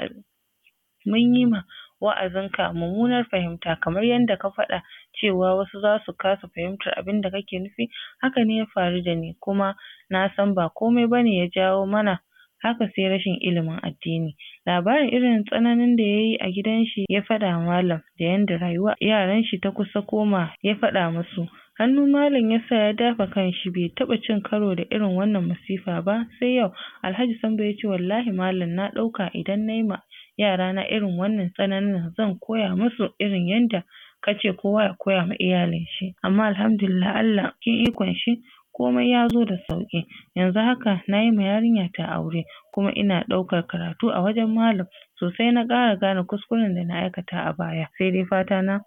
K: mun yi ma wa'azinka mummunar fahimta kamar yadda ka faɗa cewa wasu za su kasa fahimtar abin da kake nufi haka ne ya faru da ni. kuma na san ba komai bane ya jawo mana haka sai rashin ilimin addini labarin irin tsananin da yayi a gidan shi ya faɗa wa malam da yanda rayuwa yaran shi ta kusa koma ya faɗa musu hannun Malam ya sa ya dafa kanshi bai taba cin karo da irin wannan masifa ba sai yau. Alhaji Sambo ya ce wallahi Malam na ɗauka idan nayi ma yarana irin wannan tsananin zan koya musu irin yanda kace kowa ya koya ma iyalin shi. Amma alhamdulillah Allah cikin ikon shi komai ya zo da sauki Yanzu haka na yi ma yarinya ta aure kuma ina ɗaukar karatu a wajen Malam sosai na kara gane kuskuren da na aikata a baya. Sai dai fata na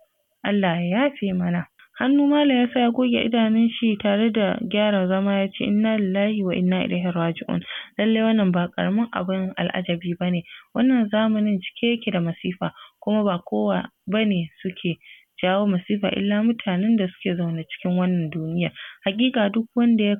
K: Allah ya yafe mana. Hannu malam ya ya goge idanun shi tare da gyara zama ya ce inna lillahi wa inna ilaihi raji'un. Lallai wannan ba ƙaramin abin al'ajabi ba ne. Wannan zamanin cike yake da masifa kuma ba kowa ba ne suke jawo masifa illa mutanen da suke zaune cikin wannan duniya Haƙiƙa duk wanda ya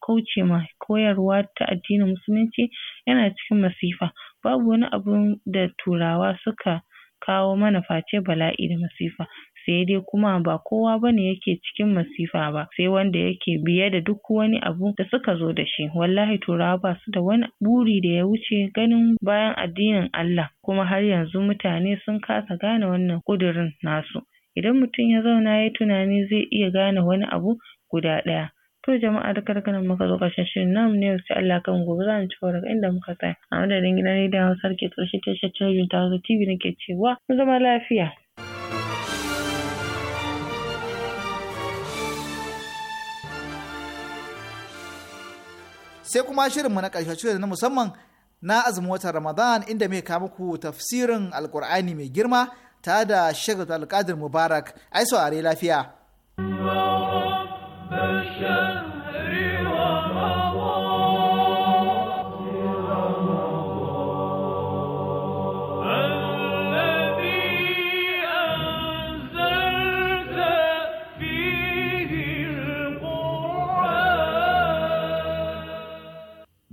K: kauce ma koyarwa ta addinin musulunci yana cikin masifa. Babu wani abun da turawa suka kawo mana face bala'i da masifa. sai dai kuma ba kowa bane yake cikin masifa ba sai wanda yake biye da duk wani abu da suka zo da shi wallahi turawa ba su da wani buri da ya wuce ganin bayan addinin Allah kuma har yanzu mutane sun kasa gane wannan ƙudurin nasu idan mutum ya zauna yayi tunani zai iya gane wani abu guda ɗaya to jama'a da karkarin muka zo ƙarshen shirin namu ne yau sai Allah kan gobe za mu ci daga inda muka tsaya a madadin gidan rediyon Hausa ke ƙarshe tashar talabijin ta Hausa TV nake cewa mu zama lafiya
A: sai kuma shirin mu na ƙarshe shirin na musamman na azumin watan Ramadan inda mai kawo muku tafsirin Alƙur'ani mai girma ta da shagatu Abdul Mubarak ai saurare lafiya.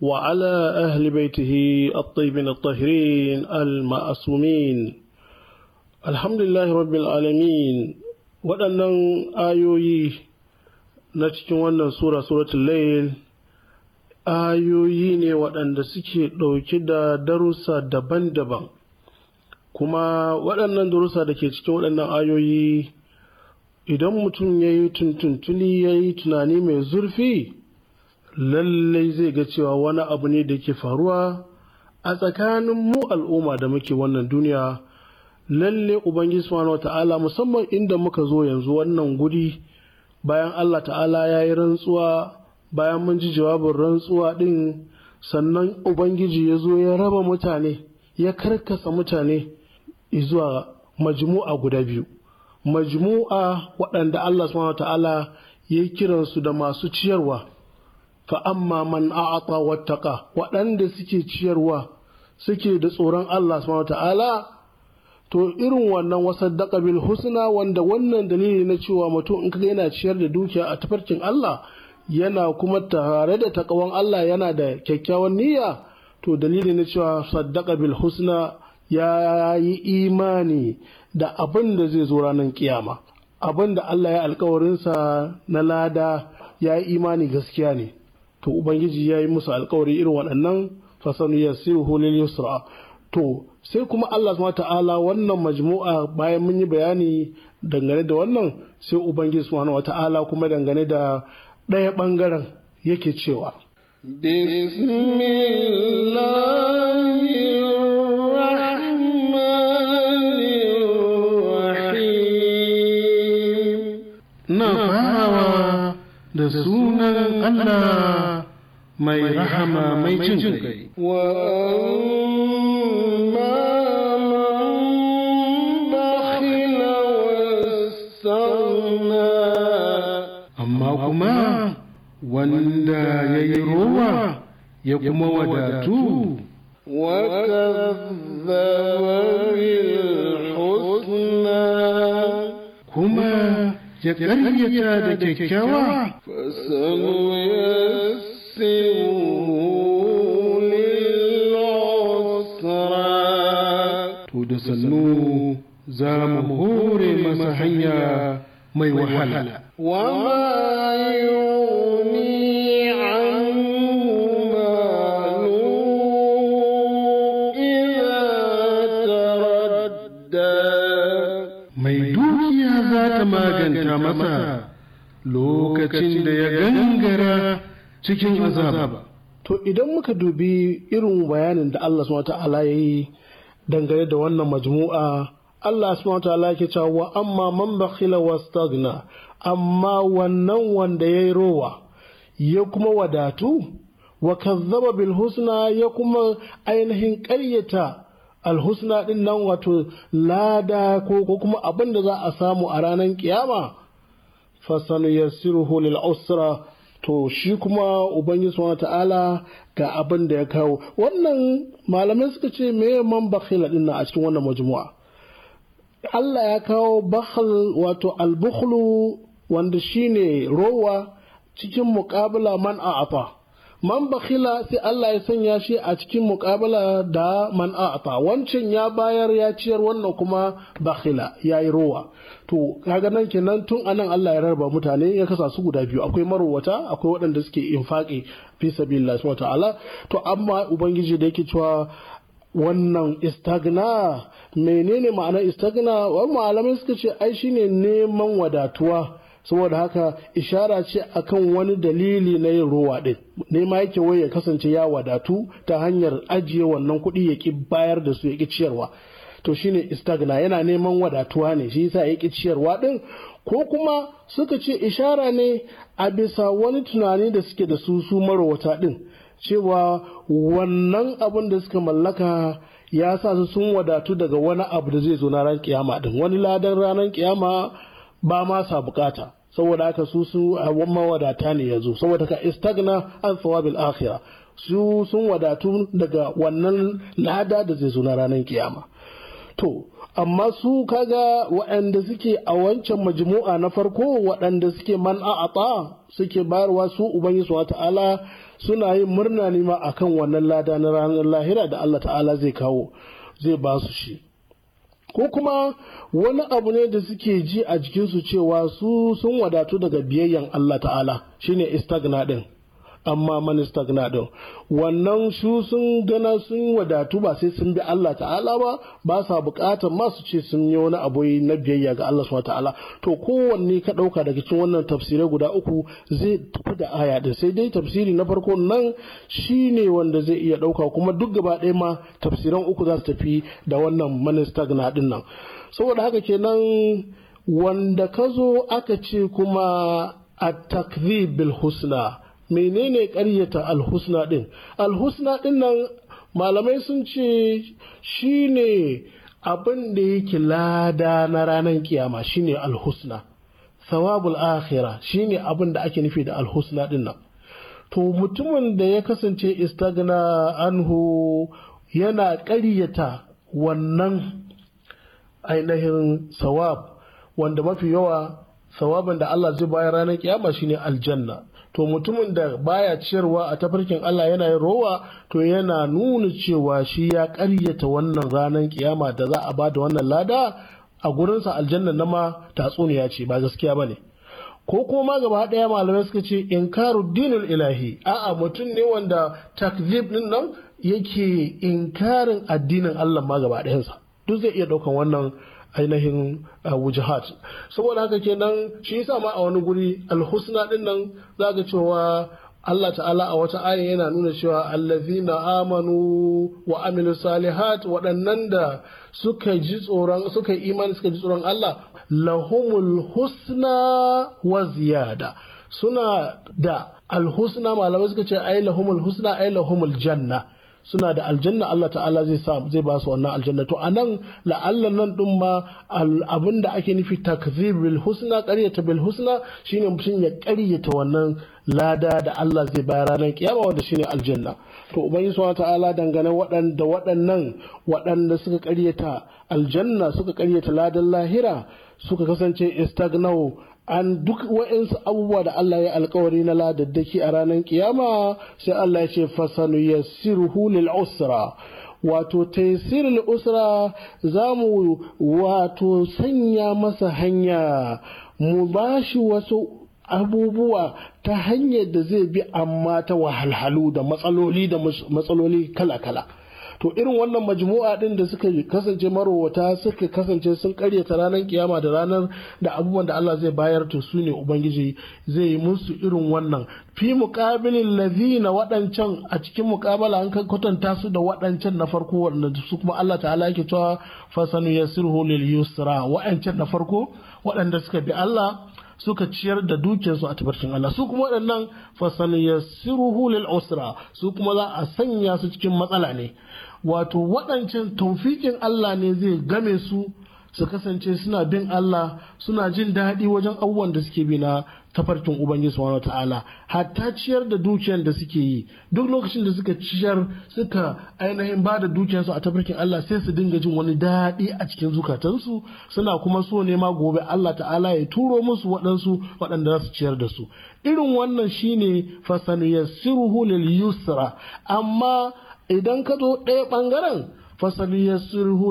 L: وعلى أهل بيته الطيبين الطاهرين المعصومين الحمد لله رب العالمين waɗannan ayoyi na cikin wannan sura suratul layl ayoyi ne waɗanda suke ɗauke da darussa daban-daban kuma waɗannan darussa da ke cikin waɗannan ayoyi idan mutum ya yi tuntuntuni ya yi tunani mai zurfi lallai zai ga cewa wani abu ne da yake faruwa a tsakanin mu al'umma da muke wannan duniya lallai ubangiji subhanahu ta'ala musamman inda muka zo yanzu wannan guri bayan Allah ta'ala ya yi rantsuwa bayan mun ji jawabin rantsuwa din sannan ubangiji ya zo ya raba mutane ya karkasa mutane zuwa majmu'a guda biyu majmu'a waɗanda Allah subhanahu ta'ala ya kiransu da masu ciyarwa fa amma man a'ata wattaqa waɗanda suke ciyarwa suke da tsoron Allah subhanahu ta'ala to irin wannan wasaddaqa bil husna wanda wannan dalili na cewa mutum in kaga yana ciyar da dukiya a tafarkin Allah yana kuma tare da takawan Allah yana da kyakkyawan niyya to dalili na cewa saddaqa bil husna ya yi imani da abin da zai zo ranar kiyama abin da Allah ya alkawarinsa na lada ya yi imani gaskiya ne to ubangiji ya yi musu alkawari irin waɗannan fasanu yassiruhu lil yusra to sai kuma Allah subhanahu ta'ala wannan majmu'a bayan mun yi bayani dangane da wannan sai ubangiji subhanahu ta'ala kuma dangane da ɗaya ɓangaren yake cewa na da sunan Allah mai rahama mai jin kai wa amma kuma wanda ya yi rowa ya kuma wadatu kuma ya ƙaryata da kyakkyawa
G: fasanu ya To
L: da sannu za mu hore masa hanya mai wahala. Mai dukiya za ta maganta masa lokacin da ya gangara cikin azaba to idan muka dubi irin bayanin da Allah subhanahu ta'ala ya yi dangane da wannan majmu'a Allah subhanahu ta'ala ke cewa wa amma man bakhila wastagna amma wannan wanda yayi rowa ya kuma wadatu wa kazzaba bil husna ya kuma ainihin ƙaryata alhusna din nan wato lada ko kuma abin da za a samu a ranar kiyama fasanu yassiruhu lil usra to shi kuma ubangiji suwa ta'ala ga abin da ya kawo wannan malamai suka ce me man bakhil dinna a cikin wannan majmu'a Allah ya kawo bakhil wato al al-bukhlu wanda shine rowa cikin muqabala man a'afa man bakhila sai Allah ya sanya shi a cikin muƙabala da man a'ata wancan ya bayar ya ciyar wannan kuma bakhila ya yi rowa to kaga nan kenan tun anan Allah ya rarraba mutane ya kasa su guda biyu akwai marowata akwai waɗanda suke infaqi fi sabilillah subhanahu ta'ala to amma ubangiji da yake cewa wannan istagna menene ma'ana istagna wani malamai suka ce ai shine neman wadatuwa saboda haka ishara ce akan wani dalili na yin rowa ɗin. nema yake wai ya kasance ya wadatu ta hanyar ajiye wannan kuɗi ya ki bayar da su ya ki ciyarwa to shine istagna yana neman wadatuwa ne shi yasa ya ki ciyarwa din ko kuma suka ce ishara ne a bisa wani tunani da suke da su su marowata ɗin, cewa wannan abun da suka mallaka ya sa su sun wadatu daga wani abu da zai zo na ran kiyama ɗin. wani ladan ranar kiyama ba ma sa bukata saboda haka su su wadata ne yanzu saboda ka istagna an thawabil akhirah su sun wadatu daga wannan lada da zai zo na ranar kiyama to amma su kaga waɗanda suke a wancan majmu'a na farko waɗanda suke man a'ata suke bayarwa su ubangi su ta'ala suna yin murna nima akan wannan lada na ranar lahira da Allah ta'ala zai kawo zai ba su shi ko kuma wani abu ne da suke ji a jikinsu cewa su sun wadatu daga biyayyan Allah ta'ala shine istagna din amma manistak na ɗin wannan su sun gana sun wadatu ba sai sun bi Allah ta'ala ba ba sa bukatar masu ce sun yi wani abu na biyayya ga Allah subhanahu ta'ala to kowanne ka ɗauka daga cikin wannan tafsirai guda uku zai tafi da aya ɗin sai dai tafsiri na farko nan shi ne wanda zai iya ɗauka kuma duk gaba ɗaya ma tafsiran uku za su tafi da wannan manistak na din nan saboda haka kenan wanda ka zo aka ce kuma a takdhib bil husna menene ƙaryata alhusna ɗin alhusna ɗin nan malamai sun ce shi ne abin da yake lada na ranar kiyama shine alhusna sawabul akhira ne abin da ake nufi da alhusna ɗin nan to mutumin da ya kasance istagna anhu yana ƙaryata wannan ainihin sawab wanda mafi yawa sawabin da Allah zai bayar ranar kiyama shine aljanna to mutumin da baya ciyarwa a tafarkin Allah yana yin rowa to yana nuna cewa shi ya ƙaryata wannan ranar kiyama da za a ba da wannan lada a gurinsa aljanna na ma tatsuniya ce ba gaskiya ba ne ko kuma gaba ɗaya malamai suka ce inkaru dinul ilahi a'a mutum ne wanda takzib din nan yake inkarin addinin Allah ma gaba ɗayansa duk zai iya ɗaukan wannan ainihin uh, wujahat saboda haka kenan shi yasa ma a wani guri alhusna din nan zaka cewa Allah ta'ala a wata aya yana nuna cewa allazina amanu wa amilu salihat waɗannan da suka ji tsoron suka yi imani suka ji tsoron Allah lahumul husna wa ziyada suna da alhusna malamai suka ce ai lahumul husna ai lahumul janna suna da aljanna Allah ta'ala zai sa zai ba su wannan aljanna to anan la'allan nan din ma abin da ake nufi takzibul husna qaryata bil husna shine mutum ya qaryata wannan lada da Allah zai bayar ranar kiyama wanda shine aljanna to ubangiji subhanahu ta'ala dangane waɗanda waɗannan waɗanda suka qaryata aljanna suka qaryata ladan lahira suka kasance istagnau an duk wa'insu abubuwa da Allah ya alkawari na ladaddaki a ranar kiyama sai Allah ya ce fasanu ya lil usra wato taisirul usra za mu wato sanya masa hanya mu ba shi wasu abubuwa ta hanyar da zai bi amma ta wahalhalu da matsaloli da matsaloli kala-kala to irin wannan majmu'a din da suka kasance marowata suka kasance sun ta ranar kiyama da ranar da abubuwan da Allah zai bayar to su ne ubangiji zai yi musu irin wannan fi muqabilin ladina waɗancan a cikin muqabala an kwatanta su da waɗancan na farko wanda su kuma Allah ta'ala yake cewa fasanu yasirhu lil yusra waɗancan na farko waɗanda suka bi Allah suka ciyar da dukiyarsu a tabbacin Allah su kuma waɗannan fasaniya siruhu lil usra su kuma za a sanya su cikin matsala ne wato waɗancan taufiƙin Allah ne zai game su su kasance suna bin Allah suna jin daɗi wajen abubuwan da suke bi na tafarkin Ubangiji subhanahu ta'ala hatta ciyar da dukiyan da suke yi duk lokacin da suka ciyar suka ainihin ba da dukiyarsu a tafarkin Allah sai su dinga jin wani daɗi a cikin zukatansu suna kuma so ne ma gobe Allah ta'ala ya turo musu waɗansu waɗanda za su ciyar da su irin wannan shine fasaniyar sirhu lil yusra amma idan ka zo ɗaya ɓangaren fasali ya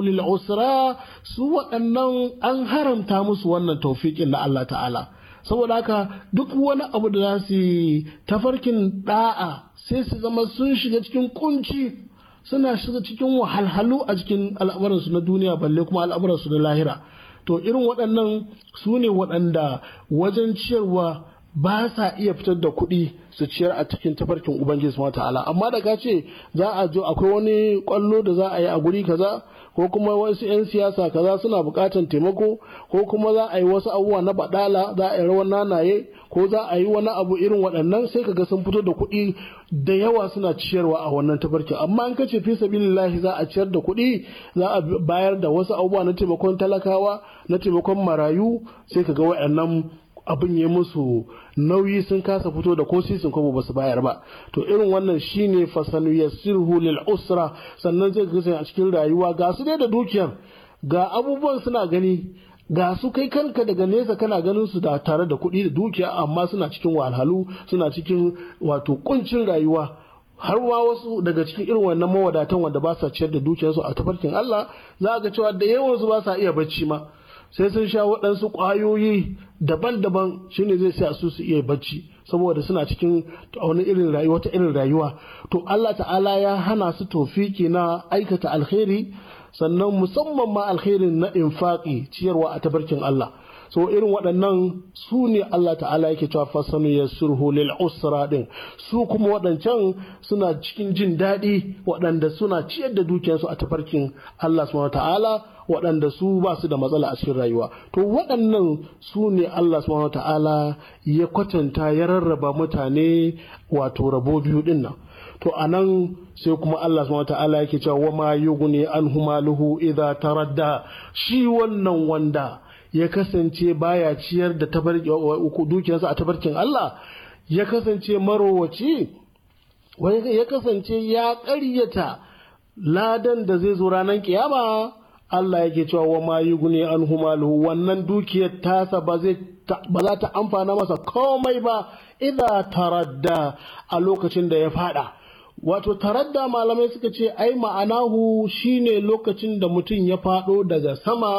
L: lil usra su waɗannan an haramta musu wannan taufiƙin na Allah ta'ala saboda haka duk wani abu da za su yi tafarkin ɗa'a, sai su zama sun shiga cikin kunci suna shiga cikin wahalhalu a cikin al'amuransu na duniya balle kuma al'amuransu na lahira to irin waɗannan su ne waɗanda wajen ciyarwa ba sa iya fitar da kuɗi su ciyar a cikin tafarkin ubangiji su ta'ala amma da ka ce za a jo akwai wani kwallo da za a yi a guri kaza ko kuma wasu 'yan siyasa kaza suna buƙatar taimako ko kuma za a yi wasu abubuwa na baɗala za a yi rawan nanaye ko za a yi wani abu irin waɗannan sai ka ga sun fito da kuɗi da yawa suna ciyarwa a wannan tafarkin amma in kace fi sabilillahi za a ciyar da kuɗi za a bayar da wasu abubuwa na taimakon talakawa na taimakon marayu sai ka ga waɗannan abin ya musu nauyi sun kasa fito da ko sisin kwabo ba su bayar ba to irin wannan shine fasanu yasirhu lil usra sannan zai kasance a cikin rayuwa ga su dai da dukiyar ga abubuwan suna gani ga su kai kanka daga nesa kana ganin su da tare da kuɗi da dukiya amma suna cikin wahalhalu suna cikin wato kuncin rayuwa har ma wasu daga cikin irin wannan mawadatan wanda ba sa ciyar da dukiyarsu a tafarkin Allah za ga cewa da yawan su ba sa iya bacci ma sai sun sha waɗansu ƙwayoyi daban-daban shi ne zai sa su su iya bacci saboda suna cikin wani irin rayuwa ta irin rayuwa to Allah ta'ala ya hana su tofiki na aikata alkhairi sannan musamman ma alkhairin na infaqi ciyarwa a tabarkin Allah so irin waɗannan su ne Allah ta'ala yake cewa fasanu ya surhu lil usra din su kuma waɗancan suna cikin jin daɗi waɗanda suna ciyar da dukiyarsu a tabarkin Allah subhanahu ta'ala waɗanda su ba su da matsala a cikin rayuwa to waɗannan su ne Allah subhanahu ta'ala ya kwatanta ya rarraba mutane wato rabo biyu din nan to nan sai kuma Allah subhanahu ta'ala yake cewa wa ma yughni anhu maluhu idza taradda shi wannan wanda ya kasance baya ciyar da dukiyarsa a tabarkin Allah ya kasance marowaci ya kasance ya ƙaryata ladan da zai zo ranar kiyama Allah yake cewa wa ma yughni an maluhu wannan dukiyar tasa ba zai ba za ta amfana masa komai ba idan taradda a lokacin da ya fada wato taradda malamai suka ce ai ma'anahu shine lokacin da mutum ya fado daga sama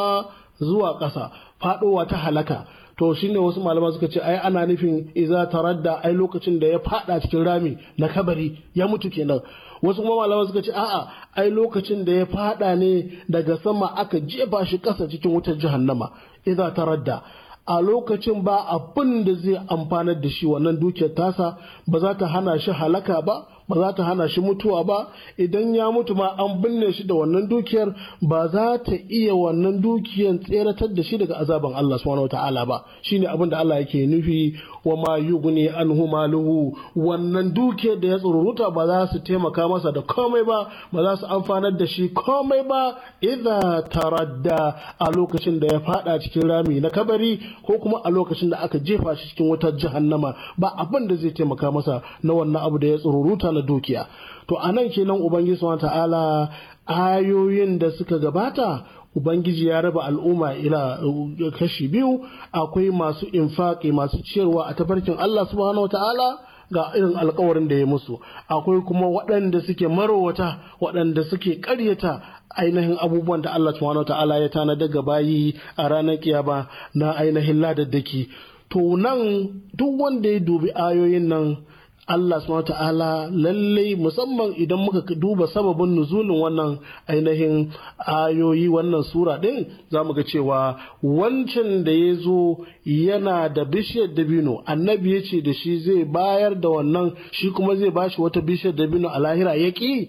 L: zuwa ƙasa fadowa ta halaka to shine wasu malamai suka ce ai ana nufin iza taradda ai lokacin da ya fada cikin rami na kabari ya mutu kenan wasu kuma malamai suka ce a'a ai lokacin da ya fada ne daga sama aka jefa shi kasa cikin wutar jahannama idza taradda a lokacin ba abin da zai amfanar da shi wannan dukiyar tasa ba za ta hana shi halaka ba ba za ta hana shi mutuwa ba idan ya mutu ma an binne shi da wannan dukiyar ba za ta iya wannan dukiyar tseratar da shi daga azaban Allah subhanahu wataala ba shine abin da Allah yake nufi wa ma yughni anhu maluhu wannan duke da ya tsururuta ba za su taimaka masa da komai ba ba za su amfanar da shi komai ba idza taradda a lokacin da ya fada cikin rami na kabari ko kuma a lokacin da aka jefa shi cikin wutar jahannama ba abin da zai taimaka masa na wannan abu da ya tsururuta na dukiya to anan kenan ubangiji subhanahu ta'ala ayoyin da suka gabata ubangiji ya raba al'umma ila uh, kashi biyu akwai masu infaki masu ciyarwa a tafarkin Allah subhanahu ta'ala ga irin alkawarin da ya musu akwai kuma waɗanda suke marowata waɗanda suke ƙaryata ainihin abubuwan da Allah subhanahu ta'ala ya tana daga bayi a ranar kiyama na ainihin ladaddaki to nan duk wanda ya dubi ayoyin nan Allah subhanahu ta'ala lallai musamman idan muka duba sababin nuzulin wannan ainihin ayoyi wannan sura ɗin za mu ga cewa wancan da ya zo yana da bishiyar dabino annabi ya ce da shi zai bayar da wannan shi kuma zai bashi wata bishiyar dabino a lahira ya ƙi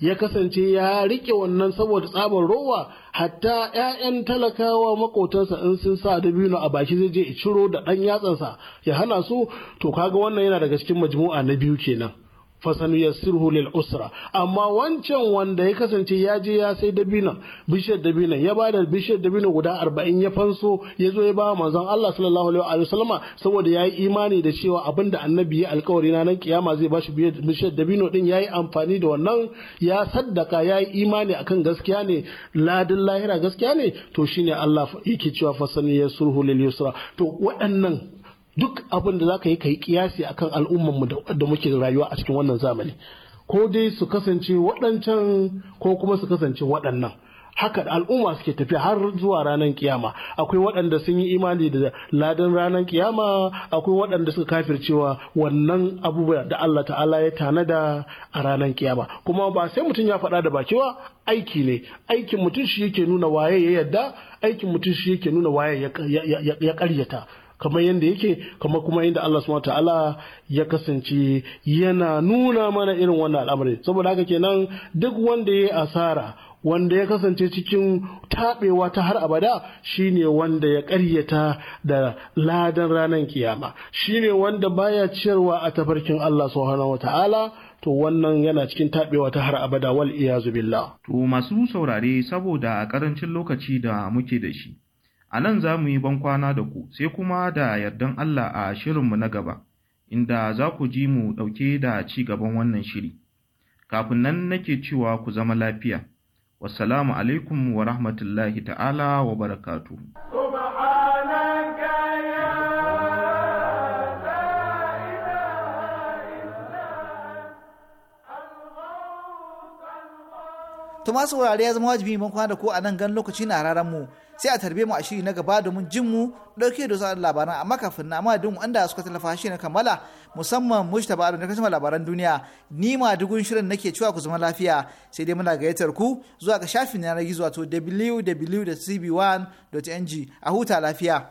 L: ya kasance ya rike wannan saboda tsabar rowa hatta 'ya'yan talakawa makotansa in sun sa dabino a baki zai je ciro da ɗan yatsansa ya hana su to kaga wannan yana daga cikin majmu'a na biyu kenan fasanu sirhu lil usra amma wancan wanda ya kasance ya je ya sai dabina bishiyar dabina ya ba da bishiyar dabina guda arba'in ya fanso ya zo ya ba manzon Allah sallallahu alaihi sallama saboda ya yi imani da cewa da annabi ya alkawari na nan kiyama zai bashi bishiyar dabino din ya yi amfani da wannan ya saddaka ya yi imani akan gaskiya ne ladin lahira gaskiya ne to shine Allah yake cewa fasanu sirhu lil usra to waɗannan duk abin da za ka yi ka yi kiyasi akan al'ummanmu da muke rayuwa a cikin wannan zamani ko dai su kasance waɗancan ko kuma su kasance waɗannan haka al'umma suke tafiya har zuwa ranar kiyama akwai waɗanda sun yi imani da ladan ranar kiyama akwai waɗanda suka kafircewa wannan abubuwa da Allah ta'ala ya tanada a ranar kiyama kuma ba sai mutum ya faɗa da baki ba aiki ne aikin mutum shi yake nuna waye ya yarda aikin mutum shi yake nuna waye ya ƙaryata kamar yadda yake kamar kuma inda Allah subhanahu ta'ala ya kasance yana nuna mana irin wannan al'amari saboda haka kenan duk wanda ya asara wanda ya kasance cikin taɓewa ta har abada shine wanda ya ƙaryata da ladan ranar kiyama shine wanda baya ciyarwa a tafarkin Allah subhanahu ta'ala to wannan yana cikin taɓewa ta har abada wal iya billah
I: to masu saurare saboda a ƙarancin lokaci da muke da shi A nan za mu yi bankwana da ku sai kuma da yardan Allah a shirinmu na gaba, inda za ku ji mu ɗauke da ci gaban wannan shiri. Kafin nan nake cewa ku zama lafiya. Wassalamu alaikum wa rahmatullahi ta'ala wa barakatuhu.
A: to masu wurare ya zama wajibi mun kwana da ku a nan gan lokaci na raran mu sai a tarbe mu a shiri na gaba domin jin mu dauke da wasu labaran amma kafin na amma duk wanda suka tallafa shi na kammala musamman mujtaba da kashin labaran duniya ni ma dugun shirin nake cewa ku zama lafiya sai dai muna gayyatar ku zuwa ga shafin yanar gizo wato www.cb1.ng a huta lafiya.